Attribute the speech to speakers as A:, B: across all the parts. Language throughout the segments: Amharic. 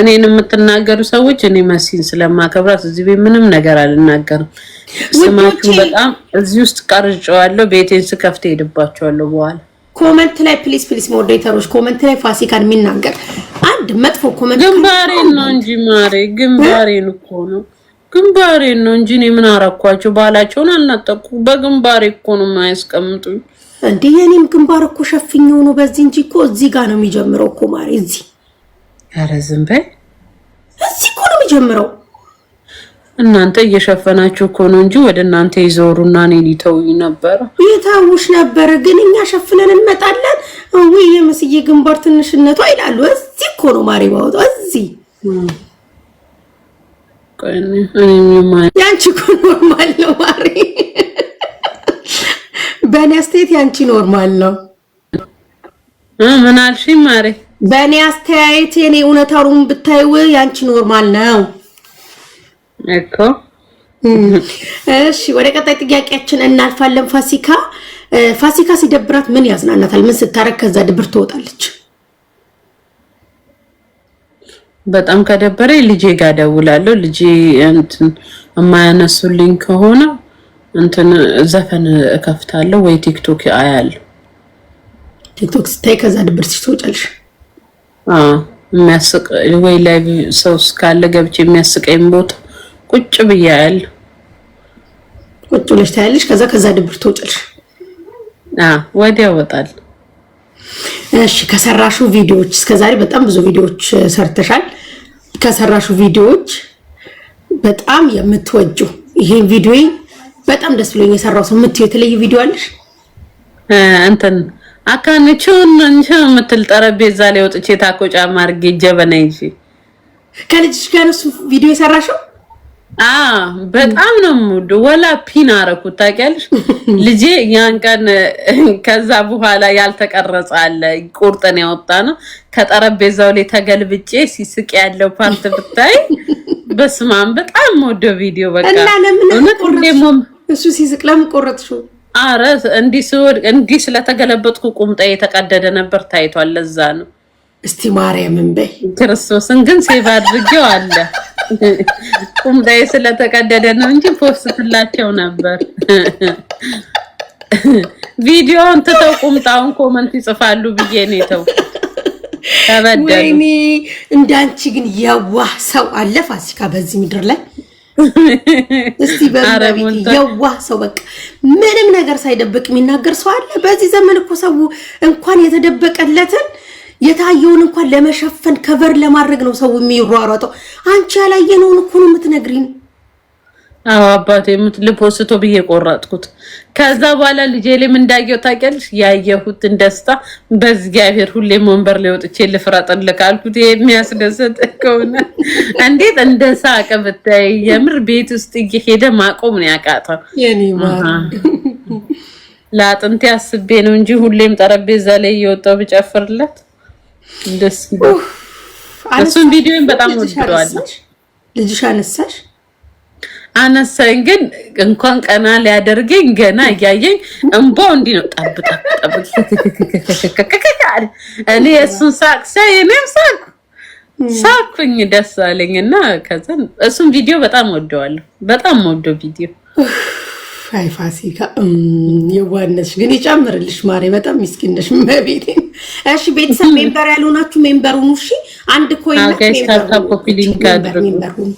A: እኔን የምትናገሩ ሰዎች እኔ መሲን ስለማከብራት እዚህ ቤት ምንም ነገር አልናገርም። ስማችሁ በጣም እዚህ ውስጥ ቀርጨዋለሁ። ቤቴን ስከፍት ሄድባቸዋለሁ። በኋላ
B: ኮመንት ላይ ፕሊስ ፕሊስ፣ ሞዴሬተሮች ኮመንት ላይ ፋሲካን የሚናገር አንድ መጥፎ ኮመንት
A: ግንባሬን ነው እንጂ ማሬ ግንባሬን እኮ ነው ግንባሬን ነው እንጂ እኔ ምን አረኳቸው? ባላቸውን አናጠቁ በግንባሬ እኮ ነው የማያስቀምጡኝ።
B: እንዴ የኔም ግንባር እኮ ሸፍኝ ነው በዚህ እንጂ እኮ እዚህ ጋር ነው የሚጀምረው እኮ ማሬ እዚህ
A: ኧረ ዝም በይ።
B: እዚህ እኮ ነው የሚጀምረው።
A: እናንተ እየሸፈናችሁ እኮ ነው እንጂ ወደ እናንተ ይዞሩና እኔን ይተውኝ ነበር፣
B: ግን እኛ ሸፍነን እንመጣለን። ግንባር ትንሽነቷ ይላሉ። እዚህ እኮ ነው ማሪ ባወጣ። እዚህ ያንቺ እኮ ኖርማል ነው ማሪ። በእኔ አስተያየት ያንቺ ኖርማል ነው። ምን አልሽኝ በእኔ አስተያየት የኔ እውነታውን ብታይው ያንቺ ኖርማል ነው እኮ። እሺ ወደ ቀጣይ ጥያቄያችን እናልፋለን። ፋሲካ ፋሲካ ሲደብራት ምን ያዝናናታል? ምን ስታረግ ከዛ ድብር ትወጣለች?
A: በጣም ከደበረ ልጄ ጋር ደውላለሁ። ልጄ እንትን የማያነሱልኝ ከሆነ እንትን ዘፈን እከፍታለሁ ወይ ቲክቶክ አያለሁ።
B: ቲክቶክ ስታይ ከዛ ድብር ትወጫለሽ።
A: የሚያስቅ ወይ ላይ ሰው ካለ ገብቼ የሚያስቀኝ ቦታ ቁጭ ብዬ
B: ቁጭ ብለሽ ታያለሽ። ከዛ ከዛ ድብር ትወጫለሽ።
A: ወዲያ ወጣል።
B: እሺ፣ ከሰራሹ ቪዲዮዎች እስከዛሬ በጣም ብዙ ቪዲዮዎች ሰርተሻል። ከሰራሹ ቪዲዮዎች በጣም የምትወጁ ይሄን ቪዲዮ በጣም ደስ ብሎኝ የሰራው ሰው የምትዩ የተለየ ቪዲዮ አለሽ
A: እንትን አካንቹን እንጂ የምትል ጠረጴዛ ላይ ወጥቼ ታኮ ጫማ አድርጌ ጀበና ይዤ
B: ከልጅሽ ጋር ነው ቪዲዮ የሰራሽው?
A: አዎ በጣም ነው ሙድ ወላ ፒን አረኩት ታውቂያለሽ። ልጄ ያን ቀን ከዛ በኋላ ያልተቀረጸ አለ ቁርጥን ያወጣ ነው ከጠረጴዛው ላይ ተገልብጬ ሲስቅ ያለው ፓርት ብታይ በስማም በጣም ወደ ቪዲዮ በቃ
B: እና ለምን እሱ ሲስቅ ለምን ቆረጥሽው?
A: አረ እንዲህ እንዲህ ስለተገለበጥኩ ቁምጣ የተቀደደ ነበር ታይቷል። ለዛ ነው።
B: እስቲ ማርያምን በይ
A: ክርስቶስን ግን ሴቭ አድርጌው አለ ቁምጣዬ ስለተቀደደ ነው እንጂ ፖስትላቸው ነበር። ቪዲዮውን ትተው ቁምጣውን ኮመንት ይጽፋሉ ብዬ ነው የተውኩት።
B: ወይኔ እንዳንቺ ግን የዋህ ሰው አለ ፋሲካ በዚህ ምድር ላይ እስቲ የዋህ ሰው በቃ ምንም ነገር ሳይደብቅ የሚናገር ሰው አለ? በዚህ ዘመን እኮ ሰው እንኳን የተደበቀለትን የታየውን እንኳን ለመሸፈን ከቨር ለማድረግ ነው ሰው የሚሯሯጠው። አንቺ ያላየነውን እኮ ነው የምትነግሪን።
A: አዎ አባቴ ልፖስቶ ብዬ ቆራጥኩት። ከዛ በኋላ ልጄ ላይ እንዳየው ታውቂያለሽ፣ ያየሁትን ደስታ በእግዚአብሔር ሁሌ ወንበር ላይ ወጥቼ ልፍረጥልህ አልኩት። የሚያስደሰት ከሆነ እንዴት እንደ ሳቀ ብታይ፣ የምር ቤት ውስጥ እየሄደ ማቆም ነው ያቃተው። ለአጥንቴ አስቤ ነው እንጂ ሁሌም ጠረጴዛ ላይ እየወጣሁ ብጨፍርለት ደስ ይላል። እሱን ቪዲዮን በጣም ወድዋለች
B: ልጅሽ አነሳሽ
A: አነሳኝ ግን እንኳን ቀና ሊያደርገኝ ገና እያየኝ እንባው እንዲህ ነው። ጠብ ጠብ ጠብ። እኔ የእሱን ሳቅ ሳይ እኔም ሳቅ ሳኩኝ ደስ አለኝ እና ከዛን እሱን ቪዲዮ በጣም ወደዋለሁ። በጣም ወደው ቪዲዮ
B: አይ ፋሲካ የዋነትሽ ግን ይጨምርልሽ ማሬ፣ በጣም ሚስኪን ነሽ መቤቴ። እሺ ቤተሰብ ሜምበር ያልሆናችሁ ሜምበር ሁኑ። እሺ አንድ ኮይን ሜምበር ሁኑ።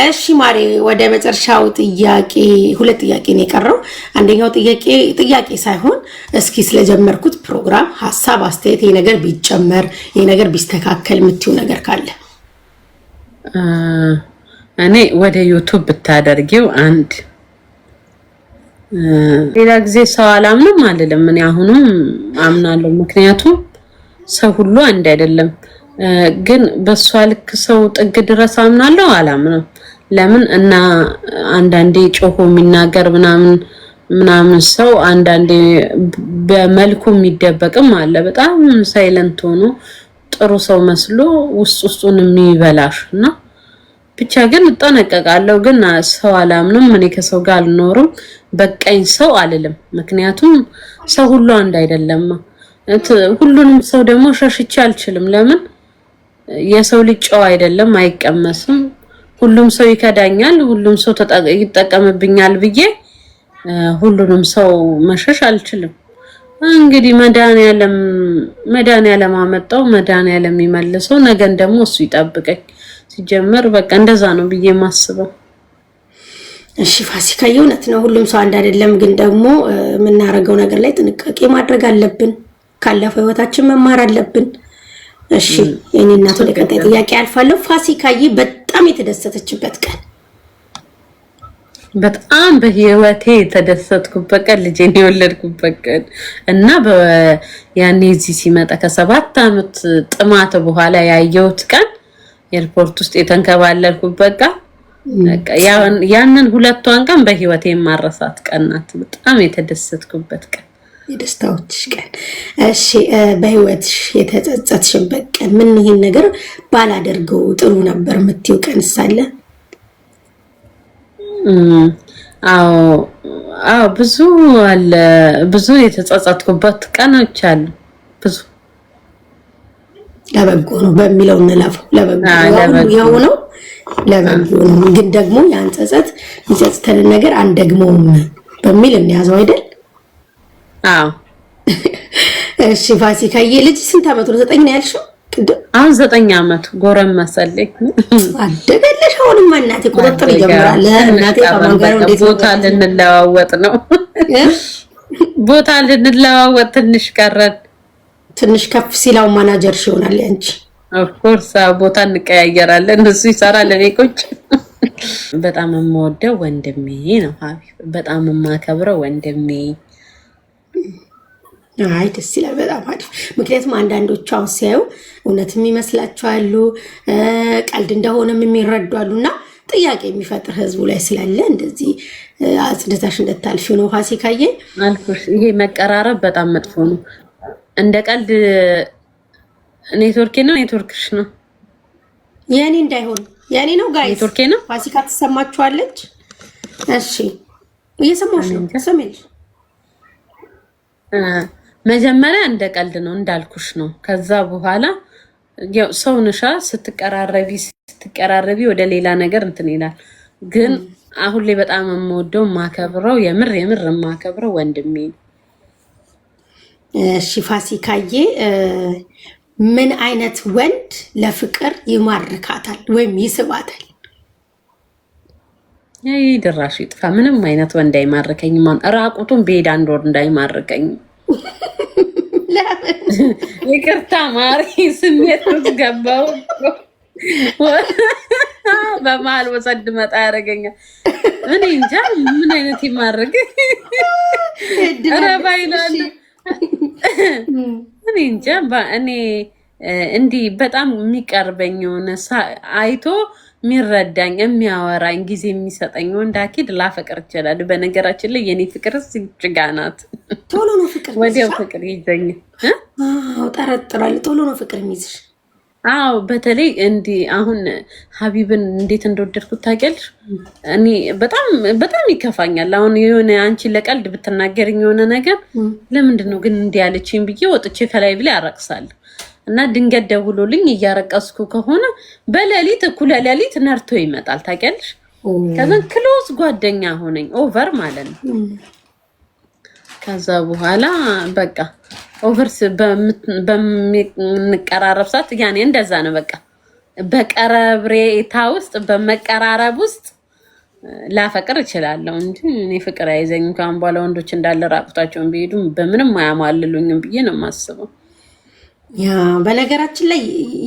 B: እሺ ማሬ፣ ወደ መጨረሻው ጥያቄ ሁለት ጥያቄ ነው የቀረው። አንደኛው ጥያቄ ጥያቄ ሳይሆን እስኪ ስለጀመርኩት ፕሮግራም ሀሳብ፣ አስተያየት፣ ይህ ነገር ቢጨመር ይህ ነገር ቢስተካከል የምትይው ነገር ካለ
A: እኔ ወደ ዩቱብ ብታደርጊው አንድ ሌላ ጊዜ ሰው አላምንም አልልም። እኔ አሁንም አምናለሁ፣ ምክንያቱም ሰው ሁሉ አንድ አይደለም። ግን በእሷ ልክ ሰው ጥግ ድረስ አምናለሁ አላምንም ለምን እና አንዳንዴ ጮሆ የሚናገር ምናምን ምናምን ሰው አንዳንዴ በመልኩ የሚደበቅም አለ። በጣም ሳይለንት ሆኖ ጥሩ ሰው መስሎ ውስጥ ውስጡን የሚበላሽ እና ብቻ ግን እጠነቀቃለሁ። ግን ሰው አላምንም፣ እኔ ከሰው ጋር አልኖርም። በቀኝ ሰው አልልም። ምክንያቱም ሰው ሁሉ አንድ አይደለም። ሁሉንም ሰው ደግሞ ሸሽቼ አልችልም። ለምን የሰው ልጅ ጨው አይደለም፣ አይቀመስም። ሁሉም ሰው ይከዳኛል፣ ሁሉም ሰው ይጠቀምብኛል ብዬ ሁሉንም ሰው መሸሽ አልችልም። እንግዲህ መድኃኒዓለም መድኃኒዓለም አመጣው፣ መድኃኒዓለም ይመልሰው። ነገን ደግሞ እሱ ይጠብቀኝ። ሲጀመር በቃ እንደዛ ነው ብዬ ማስበው።
B: እሺ ፋሲካ፣ የእውነት ነው ሁሉም ሰው አንድ አይደለም። ግን ደግሞ የምናደርገው ነገር ላይ ጥንቃቄ ማድረግ አለብን። ካለፈው ህይወታችን መማር አለብን። እሺ የኔ እናት፣ ወደ ቀጣይ ጥያቄ አልፋለሁ። ፋሲካዬ በጣም የተደሰተችበት ቀን
A: በጣም በህይወቴ የተደሰትኩበት ቀን ልጄን የወለድኩበት ቀን እና ያኔ እዚህ ሲመጣ ከሰባት ዓመት ጥማት በኋላ ያየሁት ቀን ኤርፖርት ውስጥ የተንከባለልኩበት ቀን ያንን ሁለቷን ቀን በህይወቴ የማረሳት ቀን ናት። በጣም የተደሰትኩበት ቀን
B: የደስታዎችሽ ቀን። እሺ፣ በህይወትሽ የተጸጸትሽበት ቀን ምን? ይህን ነገር ባላደርገው ጥሩ ነበር የምትይው ቀን ሳለ?
A: አዎ፣ ብዙ አለ። ብዙ የተጸጸትኩበት ቀኖች አሉ። ብዙ
B: ለበጎ ነው በሚለው እንለፈው። ለበጎ ያው ነው ለበጎ ነው። ግን ደግሞ ያን ጸጸት የሚጸጽተንን ነገር አንደግመውም በሚል እንያዘው አይደል? አዎ እሺ ፋሲካዬ ልጅ ስንት አመት ነው? ዘጠኝ ነው ያልሽው
A: አሁን ዘጠኝ አመት ጎረም መሰለኝ
B: አደገለሽ። አሁንም እናቴ ቁጥጥር ይጀምራል። እናቴ
A: ቦታ ልንለዋወጥ ነው። ቦታ ልንለዋወጥ ትንሽ ቀረን።
B: ትንሽ ከፍ ሲላው ማናጀርሽ ይሆናል ያንቺ።
A: ኦፍኮርስ ቦታ እንቀያየራለን። እሱ ይሰራል፣ እኔ ቁጭ በጣም የምወደው ወንድሜ ነው። በጣም የማከብረው ወንድሜ
B: አይ ደስ ይላል፣ በጣም አሪፍ። ምክንያቱም አንዳንዶቹ አሁን ሲያዩ እውነትም ይመስላችኋሉ፣ ቀልድ እንደሆነም የሚረዷሉ እና ጥያቄ የሚፈጥር ህዝቡ ላይ ስላለ እንደዚህ አጽድታሽ እንደታልፊው ነው። ፋሲካዬ
A: አልኩሽ፣ ይሄ መቀራረብ በጣም መጥፎ ነው። እንደ ቀልድ ኔትወርኬ ነው ኔትወርክሽ ነው
B: የእኔ እንዳይሆን የእኔ ነው ጋይ ኔትወርኬ ነው። ፋሲካ ትሰማችኋለች። እሺ እየሰማሽ ነው። ሰሜልሽ
A: መጀመሪያ እንደ ቀልድ ነው እንዳልኩሽ ነው። ከዛ በኋላ ሰው ንሻ ስትቀራረቢ ስትቀራረቢ ወደ ሌላ ነገር እንትን ይላል። ግን አሁን ላይ በጣም የምወደው የማከብረው የምር የምር የማከብረው ወንድሜ ነው።
B: እሺ ፋሲካዬ፣ ምን አይነት ወንድ ለፍቅር ይማርካታል ወይም ይስባታል?
A: ይህ ድራሹ ይጥፋ። ምንም አይነት ወንድ አይማርከኝም። አሁን ራቁቱን ብሄድ እንደወር ወር ይቅርታ ማሪ፣ ስሜት ውስጥ ገባው። በመሀል ወሰድ መጣ ያደረገኛል። እኔ እንጃ ምን አይነት ይማርክ ረባይላል። እኔ እንጃ እኔ እንዲህ በጣም የሚቀርበኝ የሆነ አይቶ የሚረዳኝ የሚያወራኝ ጊዜ የሚሰጠኝ ወንድ አኪድ ላፈቅር ይችላል። በነገራችን ላይ የኔ ፍቅር ጭጋ ናት። ቶሎ ነው ፍቅር ወዲያው ፍቅር ይዘኛል።
B: ጠረጥራል። ቶሎ ነው ፍቅር የሚይዝሽ።
A: አዎ በተለይ እንዲህ አሁን ሀቢብን እንዴት እንደወደድኩት ታውቂያለሽ? እኔ በጣም በጣም ይከፋኛል። አሁን የሆነ አንቺ ለቀልድ ብትናገርኝ የሆነ ነገር ለምንድን ነው ግን እንዲህ ያለችኝ ብዬ ወጥቼ ከላይ ብላ ያረቅሳል እና ድንገት ደውሎልኝ እያረቀስኩ ከሆነ በሌሊት እኩለ ሌሊት ነርቶ ይመጣል። ታውቂያለሽ? ከዛን ክሎዝ ጓደኛ ሆነኝ ኦቨር ማለት ነው። ከዛ በኋላ በቃ ኦቨርስ በምንቀራረብ ሰዓት ያኔ እንደዛ ነው። በቃ በቀረብሬታ ውስጥ በመቀራረብ ውስጥ ላፈቅር እችላለሁ እንጂ እኔ ፍቅር አይዘኝም። ከአሁን በኋላ ወንዶች እንዳለ ራቁታቸውን ቢሄዱም በምንም አያማልሉኝም ብዬ ነው የማስበው።
B: በነገራችን ላይ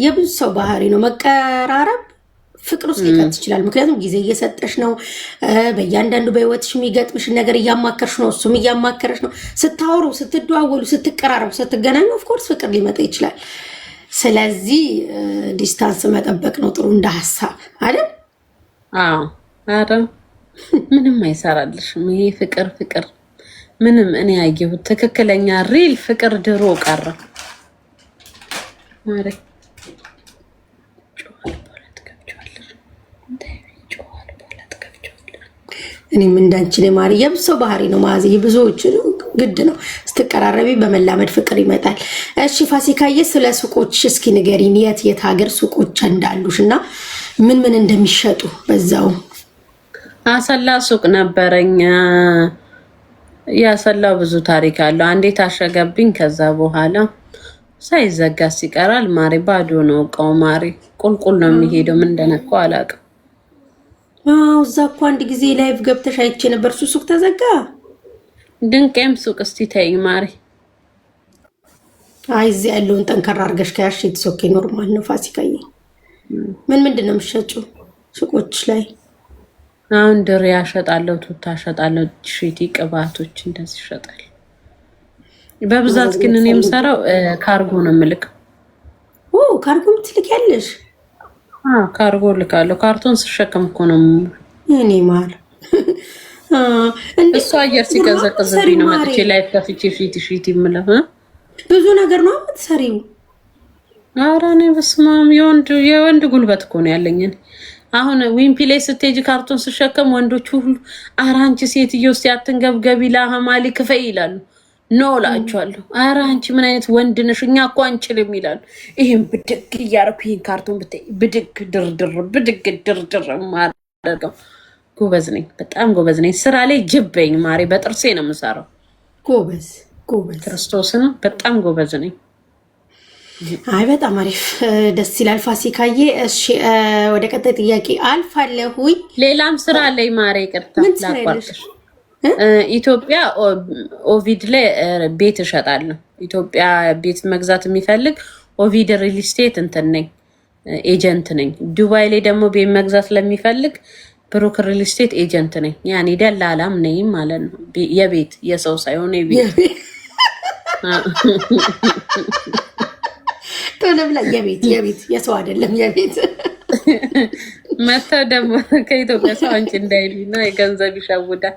B: የብዙ ሰው ባህሪ ነው መቀራረብ ፍቅር ውስጥ ሊቀጥ ይችላል። ምክንያቱም ጊዜ እየሰጠሽ ነው። በእያንዳንዱ በህይወትሽ የሚገጥምሽ ነገር እያማከርሽ ነው፣ እሱም እያማከረሽ ነው። ስታወሩ፣ ስትደዋወሉ፣ ስትቀራረቡ፣ ስትገናኙ ኦፍኮርስ ፍቅር ሊመጣ ይችላል። ስለዚህ ዲስታንስ መጠበቅ ነው ጥሩ እንደ ሀሳብ አይደል?
A: አዎ፣ ምንም አይሰራልሽም ይሄ ፍቅር ፍቅር ምንም እኔ ያየሁት ትክክለኛ ሪል ፍቅር ድሮ ቀረ። ማረግ
B: እኔም እንዳንችን ማሪ የብሶ ባህሪ ነው ማዚ ብዙዎች ግድ ነው ስትቀራረቢ በመላመድ ፍቅር ይመጣል። እሺ ፋሲካዬ፣ ስለ ሱቆች እስኪ ንገሪን። የት የት ሀገር ሱቆች እንዳሉሽ እና ምን ምን እንደሚሸጡ በዛው።
A: አሰላ ሱቅ ነበረኝ። ያሰላው ብዙ ታሪክ አለው። አንዴ ታሸገብኝ ከዛ በኋላ ሳይዘጋ ሲቀራል ማሪ ባዶ ነው እቃው። ማሪ ቁልቁል ነው የሚሄደው። ምን እንደነካው አላውቅም።
B: አዎ እዛ እኮ አንድ ጊዜ ላይቭ ገብተሽ አይቼ ነበር። እሱ ሱቅ ተዘጋ።
A: ድንቄም ሱቅ እስቲ ተይኝ ማሪ።
B: አይ እዚህ ያለውን ጠንከራ አድርገሽ ከያሽ የተሶኬ ኖርማል ነው። ፋሲካዬ ምን ምንድን ነው የምትሸጪው ሱቆች ላይ?
A: አሁን ድሬ ያሸጣለሁ፣ ቱታ ሸጣለሁ፣ ሽቲ ቅባቶች እንደዚህ ይሸጣል። በብዛት ግን እኔ የምሰራው ካርጎ ነው የምልከው።
B: ካርጎ ምትልክ ያለሽ?
A: ካርጎ ልካለሁ። ካርቶን ስሸከም እኮ ነው እኔ ማር እሱ አየር ሲቀዘቅዝብኝ ነው መጥቼ ላይፍ ከፍቼ ፊት ፊት የምለው።
B: ብዙ ነገር ነው የምትሰሪው።
A: ኧረ እኔ በስመ አብ የወንድ ጉልበት እኮ ነው ያለኝን አሁን ዊምፒ ላይ ስትሄጂ ካርቶን ስሸከም ወንዶቹ ሁሉ ኧረ አንቺ ሴትዮ እስኪ አትንገብገቢ ለአማሊ ክፈይ ይላሉ። ኖ እላቸዋለሁ። አረ አንቺ ምን አይነት ወንድ ነሽ? እኛ እኮ አንችልም ይላሉ። ይህም ብድግ እያደረኩ ይህን ካርቱን ብታይ ብድግ ድርድር ብድግ ድርድር ማደርገው ጎበዝ ነኝ፣ በጣም ጎበዝ ነኝ። ስራ ላይ ጅበኝ ማሬ፣ በጥርሴ ነው የምሰራው።
B: ጎበዝ ጎበዝ፣
A: ክርስቶስን በጣም ጎበዝ ነኝ።
B: አይ በጣም አሪፍ ደስ ይላል። ፋሲካዬ፣ እሺ ወደ ቀጣይ ጥያቄ አልፋለሁኝ።
A: ሌላም ስራ ላይ ማሬ፣ ቅርታ ላቋርጥሽ ኢትዮጵያ ኦቪድ ላይ ቤት እሸጣለሁ። ኢትዮጵያ ቤት መግዛት የሚፈልግ ኦቪድ ሪል ስቴት እንትን ነኝ፣ ኤጀንት ነኝ። ዱባይ ላይ ደግሞ ቤት መግዛት ለሚፈልግ ብሩክ ሪል ስቴት ኤጀንት ነኝ። ያኔ ደላላም ነኝ ማለት ነው። የቤት የሰው ሳይሆን የቤት
B: ቶሎ ብላ የቤት የቤት የሰው አይደለም የቤት
A: መተው ደግሞ ከኢትዮጵያ ሰው አንቺ እንዳይሉኝ ነው። የገንዘብ ይሸውዳል።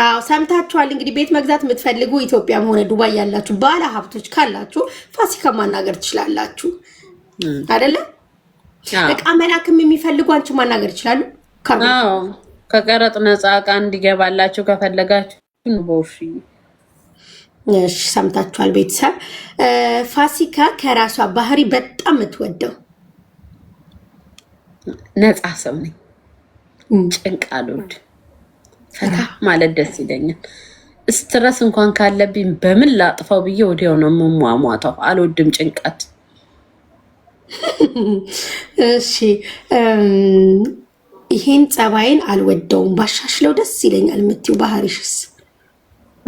B: አዎ ሰምታችኋል። እንግዲህ ቤት መግዛት የምትፈልጉ ኢትዮጵያም ሆነ ዱባይ ያላችሁ ባለ ሀብቶች ካላችሁ ፋሲካ ማናገር ትችላላችሁ። አይደለም እቃ መላክም የሚፈልጉ አንቺ ማናገር ይችላሉ።
A: ከቀረጥ ነፃ እቃ እንዲገባላችሁ ከፈለጋችሁ በውሽ
B: እሺ፣ ሰምታችኋል ቤተሰብ። ፋሲካ ከራሷ ባህሪ በጣም የምትወደው
A: ነፃ ሰው ነኝ ጭንቅ አልወድም ፈታ ማለት ደስ ይለኛል። ስትረስ እንኳን ካለብኝ በምን ላጥፋው ብዬ ወዲያው ነው የምሟሟተው። አልወድም ጭንቀት።
B: እሺ ይሄን ጸባይን አልወደውም ባሻሽለው ደስ ይለኛል የምትይው ባህሪሽስ?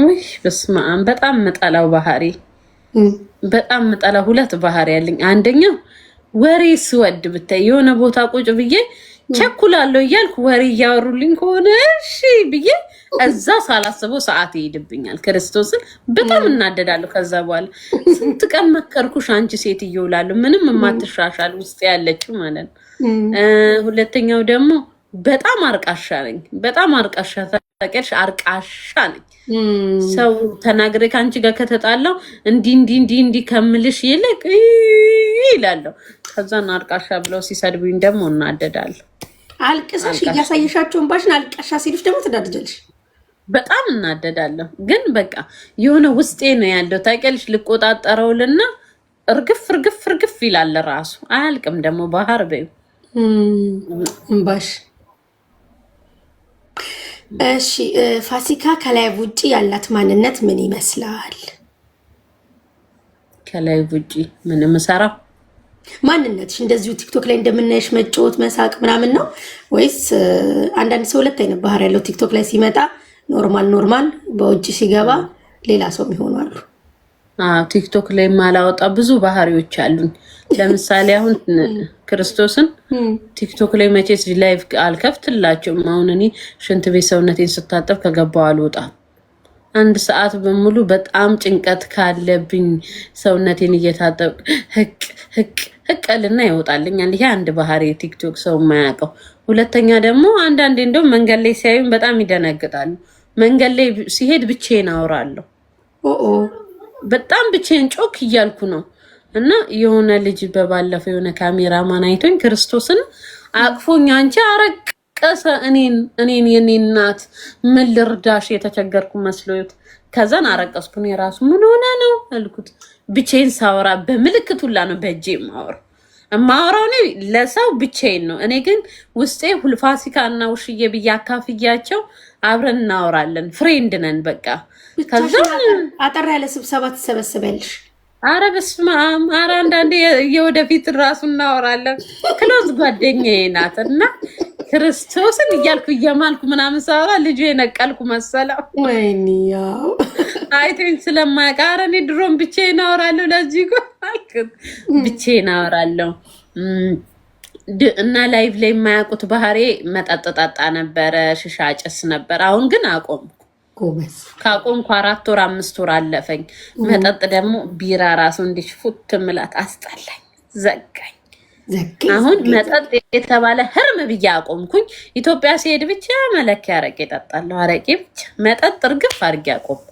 A: ውይ በስመ አብ! በጣም ምጠላው ባህሪ በጣም ምጠላው ሁለት ባህሪ ያለኝ አንደኛው ወሬ ስወድ ብታይ የሆነ ቦታ ቁጭ ብዬ ቸኩላለሁ እያልኩ ወሬ እያወሩልኝ ከሆነ እሺ ብዬ እዛ ሳላስበው ሰዓት ይሄድብኛል። ክርስቶስን በጣም እናደዳለሁ። ከዛ በኋላ ስንት ቀን መከርኩሽ አንቺ ሴትዮ እላለሁ። ምንም የማትሻሻል ውስጥ ያለችው ማለት ነው። ሁለተኛው ደግሞ በጣም አርቃሻ ነኝ። በጣም አርቃሻ ታውቂያለሽ፣ አርቃሻ ነኝ። ሰው ተናግሬ ከአንቺ ጋር ከተጣላው እንዲህ እንዲህ እንዲህ እንዲህ ከምልሽ ይልቅ ይላለሁ። ከዛን አርቃሻ ብለው ሲሰድቡኝ ደግሞ እናደዳለሁ።
B: አልቅሰሽ እያሳየሻቸውን ባሽን አልቀሻ ሲሉሽ ደግሞ ትዳድጃለሽ።
A: በጣም እናደዳለሁ። ግን በቃ የሆነ ውስጤ ነው ያለው ታውቂያለሽ። ልቆጣጠረውልና እርግፍ እርግፍ እርግፍ ይላል ራሱ አያልቅም። ደግሞ ባህር በይው
B: እምባሽ። እሺ ፋሲካ ከላይ ውጭ ያላት ማንነት ምን ይመስላል?
A: ከላይ ውጭ ምን ምሰራው
B: ማንነትሽ እንደዚሁ ቲክቶክ ላይ እንደምናየሽ መጫወት፣ መሳቅ ምናምን ነው ወይስ አንዳንድ ሰው ሁለት አይነት ባህሪ ያለው ቲክቶክ ላይ ሲመጣ ኖርማል ኖርማል፣ በውጭ ሲገባ ሌላ ሰው የሚሆኑ አሉ።
A: ቲክቶክ ላይ ማላወጣ ብዙ ባህሪዎች አሉኝ። ለምሳሌ አሁን ክርስቶስን ቲክቶክ ላይ መቼስ ላይቭ አልከፍትላቸውም። አሁን እኔ ሽንት ቤት ሰውነቴን ስታጠብ ከገባው አልወጣም። አንድ ሰዓት በሙሉ በጣም ጭንቀት ካለብኝ ሰውነቴን እየታጠብ ህቅ ህቅ ህቀልና ይወጣልኛል። ይሄ አንድ ባህሪ ቲክቶክ ሰው የማያውቀው። ሁለተኛ ደግሞ አንዳንዴ እንደውም መንገድ ላይ ሲያዩን በጣም ይደነግጣሉ። መንገድ ላይ ሲሄድ ብቻዬን አወራለሁ። በጣም ብቻዬን ጮክ እያልኩ ነው እና የሆነ ልጅ በባለፈው የሆነ ካሜራማን አይቶኝ ክርስቶስን አቅፎኝ አንቺ አረቀሰ እኔን እኔን የኔ እናት ምን ልርዳሽ የተቸገርኩ መስሎት ከዛን አረቀስኩ። እኔ ራሱ ምን ሆነ ነው አልኩት። ብቼን ሳወራ በምልክት ሁላ ነው በእጄ የማወራው የማወራው እኔ ለሰው ብቼን ነው። እኔ ግን ውስጤ ሁልፋሲካ እና ውሽዬ ብዬ አካፍያቸው አብረን እናወራለን። ፍሬንድ ነን በቃ።
B: አጠር ያለ ስብሰባ ትሰበስበልሽ።
A: አረ በስመ አብ። አረ አንዳንዴ የወደፊት ራሱ እናወራለን። ክሎዝ ጓደኛዬ ናት እና ክርስቶስን እያልኩ እየማልኩ ምናምን ሰባባ ልጁ የነቀልኩ መሰለው።
B: ወይኒያው
A: አይቶኝ ስለማያውቅ እኔ ድሮም ብቻዬን አወራለሁ። ለዚህ ጎ ብቼ አወራለሁ እና ላይቭ ላይ የማያውቁት ባህሬ መጠጥ ጠጣ ነበረ፣ ሽሻ ጭስ ነበር። አሁን ግን አቆም ካቆምኩ አራት ወር አምስት ወር አለፈኝ። መጠጥ ደግሞ ቢራ ራሱ እንዲሽፉት ትምላት አስጠላኝ፣ ዘጋኝ። አሁን መጠጥ የተባለ ህርም ብዬ አቆምኩኝ። ኢትዮጵያ ሲሄድ ብቻ መለኪ አረቄ እጠጣለሁ። አረቄ ብቻ መጠጥ እርግፍ አድርጌ አቆምኩ።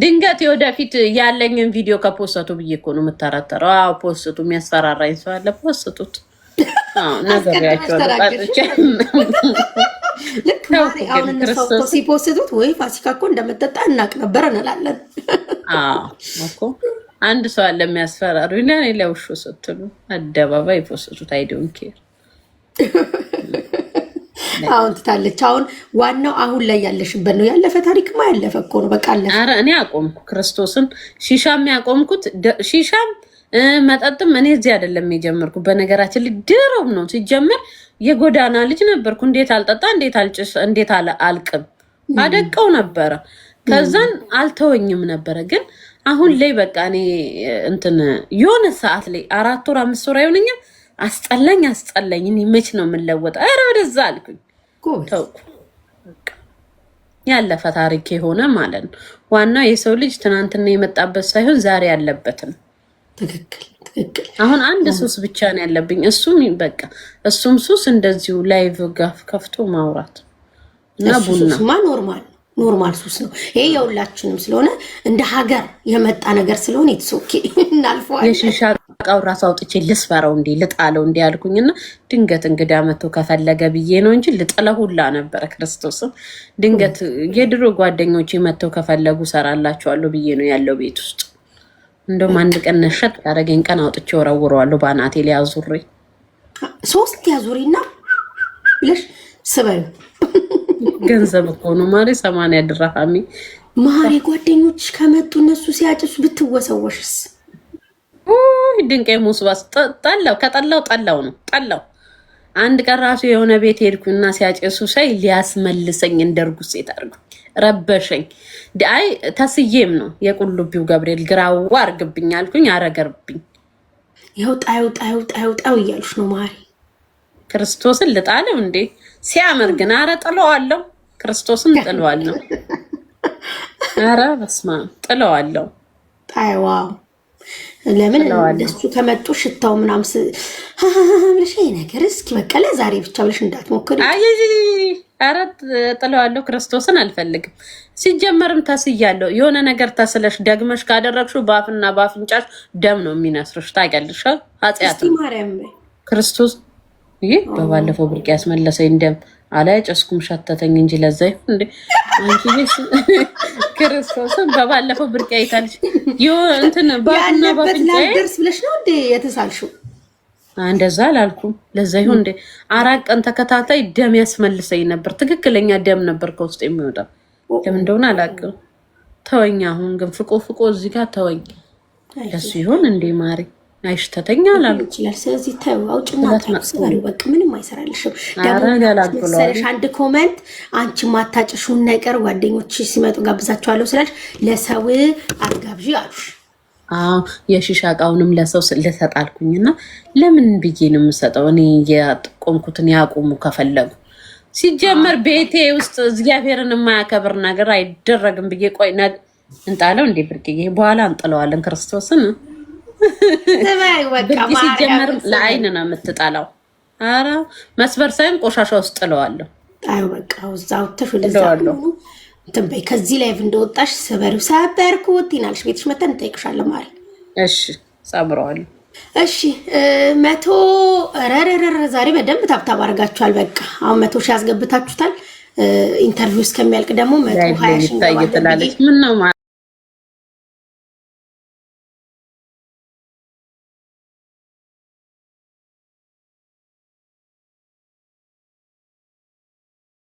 A: ድንገት የወደፊት ያለኝን ቪዲዮ ከፖስቱ ብዬ እኮ ነው የምተረተረው። አዎ ፖስቱ፣ የሚያስፈራራኝ ሰው አለ ፖስቱት።
B: ሲፖስቱት ወይ ፋሲካ እኮ እንደምጠጣ እናቅ ነበር እንላለን
A: አንድ ሰው አለ የሚያስፈራሩ ና ለውሾ ስትሉ አደባባይ የወሰዱት አይዶን ኬር
B: አሁን ትታለች። አሁን ዋናው አሁን ላይ ያለሽበት ነው። ያለፈ ታሪክማ ያለፈ እኮ ነው። በቃ አለፈ።
A: ኧረ እኔ አቆምኩ ክርስቶስን። ሺሻም ያቆምኩት ሺሻም መጠጥም እኔ እዚህ አይደለም የጀመርኩ። በነገራችን ላይ ድሮም ነው ሲጀመር፣ የጎዳና ልጅ ነበርኩ። እንዴት አልጠጣ፣ እንዴት አልጭስ፣ እንዴት አልቅም፣ አደቀው ነበረ። ከዛን አልተወኝም ነበረ ግን አሁን ላይ በቃ እኔ እንትን የሆነ ሰዓት ላይ አራት ወር አምስት ወር አይሆነኛ አስጠላኝ አስጠላኝ። እኔ መች ነው የምንለወጠ? ኧረ ወደዛ አልኩኝ ተውኩ። ያለፈ ታሪክ የሆነ ማለት ነው። ዋናው የሰው ልጅ ትናንትና የመጣበት ሳይሆን ዛሬ ያለበትን ትክክል ትክክል። አሁን አንድ ሱስ ብቻ ነው ያለብኝ፣ እሱም በቃ እሱም ሱስ እንደዚሁ ላይቭ ጋፍ ከፍቶ ማውራት
B: እና ቡና ኖርማል ኖርማል ሱስ ነው ይሄ የሁላችንም ስለሆነ እንደ ሀገር የመጣ ነገር ስለሆነ የተሶኬ እናልፈዋል።
A: የሺሻ እቃው ራሱ አውጥቼ ልስበረው እንዲ ልጣለው እንዲ ያልኩኝና ድንገት እንግዳ መቶ ከፈለገ ብዬ ነው እንጂ ልጥለው ሁላ ነበረ። ክርስቶስም ድንገት የድሮ ጓደኞች መጥተው ከፈለጉ ሰራላቸዋለሁ ብዬ ነው ያለው ቤት ውስጥ። እንደውም አንድ ቀን ነሸት ያደረገኝ ቀን አውጥቼ ወረውረዋለሁ በአናቴ ሊያዙሬ
B: ሶስት ያዙሪና ብለሽ ስበዩ
A: ገንዘብ እኮ ነው ማሬ፣ ሰማንያ ድራሃሚ
B: ማሬ። ጓደኞች ከመጡ እነሱ ሲያጭሱ ብትወሰወሽስ?
A: ድንቄ ሙስባስ ጠላው፣ ከጠላው ጠላው ነው ጠላው። አንድ ቀን ራሱ የሆነ ቤት ሄድኩና ሲያጭሱ ሳይ ሊያስመልሰኝ እንደርጉ ሴት አድርጎ ረበሸኝ። አይ ተስዬም ነው የቁልቢው ገብርኤል ግራዋ አርግብኝ አልኩኝ፣ አረገርብኝ።
B: ይኸው ጣዩ ጣዩ ጣዩ ጣዩ እያሉሽ ነው ማሪ።
A: ክርስቶስን ልጣለው እንዴ? ሲያምር ግን አረ ጥለዋለው። ክርስቶስን ጥለዋለሁ። ኧረ በስመ አብ ጥለዋለሁ።
B: ጣይዋ ለምን እንደሱ ከመጡ ሽታው ምናምን ብለሽ ይሄ ነገር እስኪ በቀለ ዛሬ ብቻ ብለሽ እንዳትሞክሪ።
A: ኧረ ጥለዋለሁ። ክርስቶስን አልፈልግም። ሲጀመርም ተስያለሁ። የሆነ ነገር ተስለሽ ደግመሽ ካደረግሹ በአፍና በአፍንጫሽ ደም ነው የሚነስርሽ። ታውቂያለሽ።
B: ኃጢአት ማርያም
A: ክርስቶስ ይህ በባለፈው ብርቅ ያስመለሰኝ ደም አላጨስኩም ሸተተኝ እንጂ ለዛ ይሁን እንዴ አንቺ ክርስቶስን በባለፈው ብርቅ አይታልሽ እንትን ባና
B: ባብንደርስ ብለሽ ነው እንዴ የተሳልሹ?
A: እንደዛ አላልኩም። ለዛ ይሁን እንዴ አራት ቀን ተከታታይ ደም ያስመልሰኝ ነበር። ትክክለኛ ደም ነበር ከውስጥ የሚወጣ ለምን እንደሆነ አላውቅም። ተወኝ። አሁን ግን ፍቆ ፍቆ እዚህ ጋር ተወኝ። ለሱ ይሁን እንዴ ማሪ አይሽ ተተኛ ላሉ
B: ይችላል። ስለዚህ ተው አውጭና ታስባሉ። በቃ ምንም አይሰራልሽም። ሰለሽ አንድ ኮመንት አንቺ ማታጭሹን ነገር ጓደኞች ሲመጡ ጋብዛቸዋለሁ ስላልሽ ለሰው አጋብዥ አሉሽ።
A: አዎ የሺሻ እቃውንም ለሰው ልሰጣልኩኝና ለምን ብዬ ነው የምሰጠው? እኔ የጥቆምኩትን ያቆሙ ከፈለጉ ሲጀመር ቤቴ ውስጥ እግዚአብሔርን የማያከብር ነገር አይደረግም ብዬ ቆይ እንጣለው እንዴ ብርቅዬ፣ በኋላ እንጥለዋለን ክርስቶስን ብርድ ሲጀመር ለአይን ነው የምትጠላው። ኧረ መስበር ሳይሆን ቆሻሻ ውስጥ ጥለዋለሁ።
B: ጣዩ በቃ እዛ ወጥተሽ ወደዛለሁ እንትን በይ። ከዚህ ላይ እንደወጣሽ ሰበሪው ሰበርኩት ይናልሽ ቤትሽ መተን እንጠይቅሻለን ማለት
A: እሺ፣ ሰብረዋለሁ።
B: እሺ መቶ ረረረረ ዛሬ በደንብ ታብታብ አድርጋችኋል። በቃ አሁን መቶ ሺህ ያስገብታችሁታል። ኢንተርቪው እስከሚያልቅ ደግሞ መቶ
A: ሀያ ሺህ